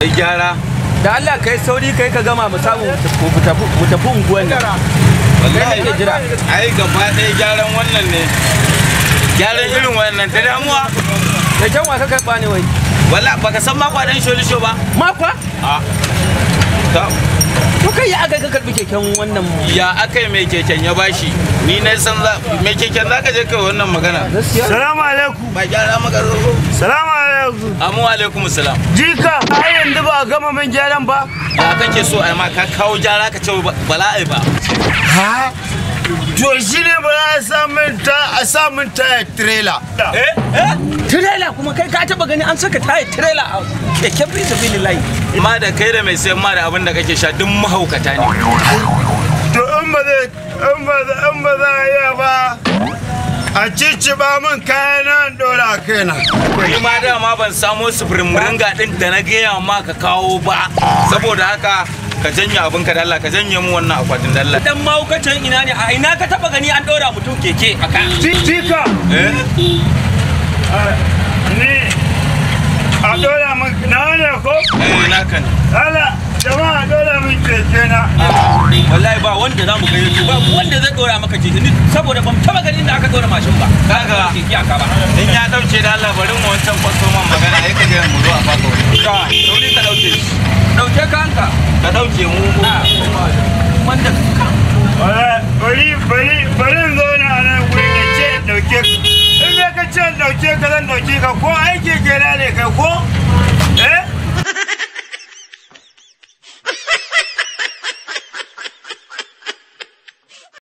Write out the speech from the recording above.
Kai gyara. Da Allah kai sauri kai ka gama mu samu mu tafi mu tafi unguwan nan. Wallahi ne jira. Ai gaba ɗaya gyaran wannan ne. Gyaran irin wannan ta damuwa. Da jan wasa kai bani wai. Walla baka san makwa dan sholi sho ba. Makwa? A. Ah. Ta. To kai ya aka ka karbi keken wannan mu. Ya akai mai keken ya bashi. Ni na san za mai keken zaka je kai wannan magana. Assalamu alaikum. Ba gyara maka zo. Assalamu yanzu amu alaikum salam jika ai yanzu ba gama min gyaran ba ya kake so ai ma ka kawo gyara ka ce bala'i ba ha to shi ne ba za a samun ta a samun taya trela. eh eh Trela kuma kai ka taba gani an saka taya trela a keke bisa lai. ma da kai da mai sayan ma da abin da kake sha duk mahaukata ne to in ba zai in ba za a iya ba A cici ba min nan dora kaina. Ni ma ma ban samo sufurin din da na gaya ma ka kawo ba. Saboda haka ka janye abin ka dalla ka janye mu wannan akwatin dalla. Dan can ina ne a ina ka taba gani an ɗora mutum keke a kan. Tika. Eh? Eh, ni a ɗora mun. na ne ko? Eh na kan. Ala jama'a ɗora mun keke na. wallahi ba wanda za mu ga yanzu ba wanda zai dora maka keke saboda ban taba ganin da aka dora mashin ba kaga keke aka ba in ya dauke da Allah bari mu wancan kwaso man magana sai ka ga mu zo a faka ka dole ka dauke shi dauke kanka ka dauke ah. mu wanda ka eh, bari bari bari zo na nan gurin da ce dauke in ka ce dauke ka zan dauke ka ko aiki gera ne kai ko